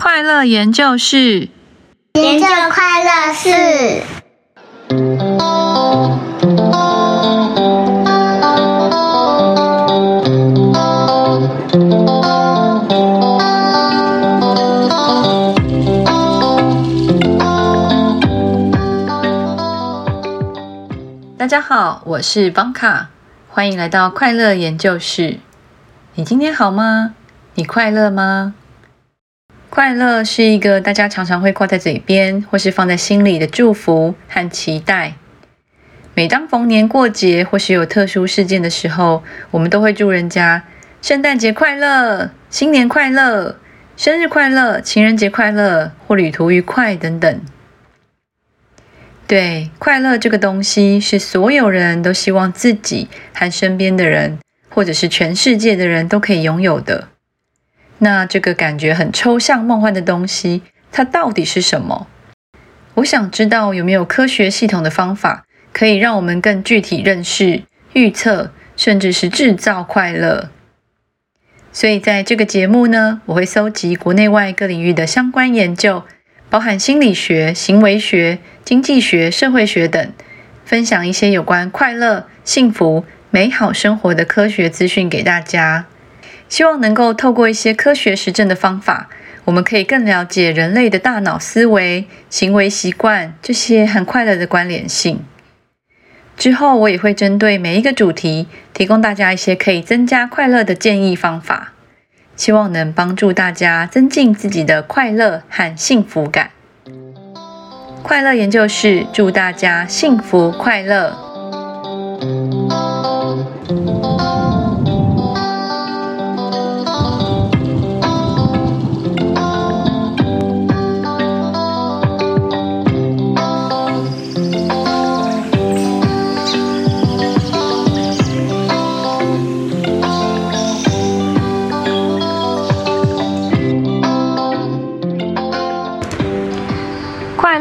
快樂研究室，研究快樂事。樂事嗯。大家好，我是邦卡，歡迎來到快樂研究室。你今天好嗎？你快樂嗎？快樂是一個大家常常會掛在嘴邊，或是放在心裡的祝福和期待。每當逢年過節，或是有特殊事件的時候，我們都會祝人家聖誕節快樂、新年快樂、生日快樂、情人節快樂，或旅途愉快等等。對，快樂這個東西，是所有人都希望自己和身邊的人，或者是全世界的人都可以擁有的。那這個感覺很抽象、夢幻的東西，它到底是什麼？我想知道有沒有科學系統的方法，可以讓我們更具體認識、預測，甚至是制造快樂。所以在這個節目呢，我會搜集國內外各領域的相關研究，包含心理學、行為學、經濟學、社會學等，分享一些有關快樂、幸福、美好生活的科學資訊給大家。希望能夠透過一些科學實證的方法，我們可以更了解人類的大腦思維、行為習慣這些和快樂的關聯性。之後我也會針對每一個主題，提供大家一些可以增加快樂的建議方法，希望能幫助大家增進自己的快樂和幸福感。快樂研究室祝大家幸福快樂。